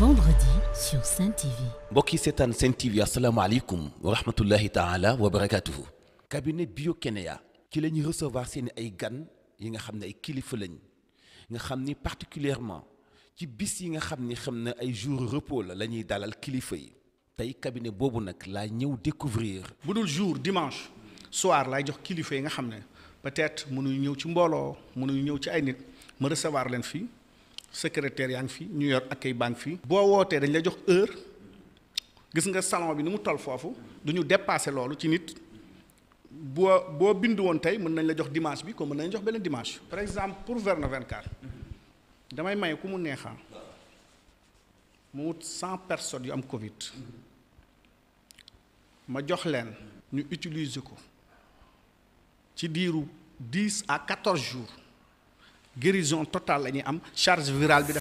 vendredi sur Saint TV. mbokk yi Saint TV asalaamaaleykum wa rahmatullahi taala wa barakaatuhu. cabinet bio Kenya. ci la ñuy recevoir seen ay gan yi nga xam ay kilifa lañ nga xam particulièrement ci bis yi nga xam xamna ay jour repos la la dalal kilifa yi Tay cabinet bobu nak la ñëw découvrir bu jour dimanche soir laay jox kilifa yi nga xam peut-être mënuñu ñëw ci mbolo, mënuñu ñëw ci ay nit ma recevoir len fi. secrétaire yaa ngi fi ñu yor ak baa ngi fi. boo wootee dañ la jox heure gis nga salon bi ni mu toll foofu du ñu dépassé loolu ci nit boo boo bind woon tey mën nañ la jox dimanche bi ko mën nañ jox beneen dimanche. par exemple pour Verne 24 damay may ku mu neexaa mu wut cent personnes yu am Covid ma jox leen ñu utiliser ko ci diiru dix à quatorze jours. guérison totale la ñuy am charge virale bi.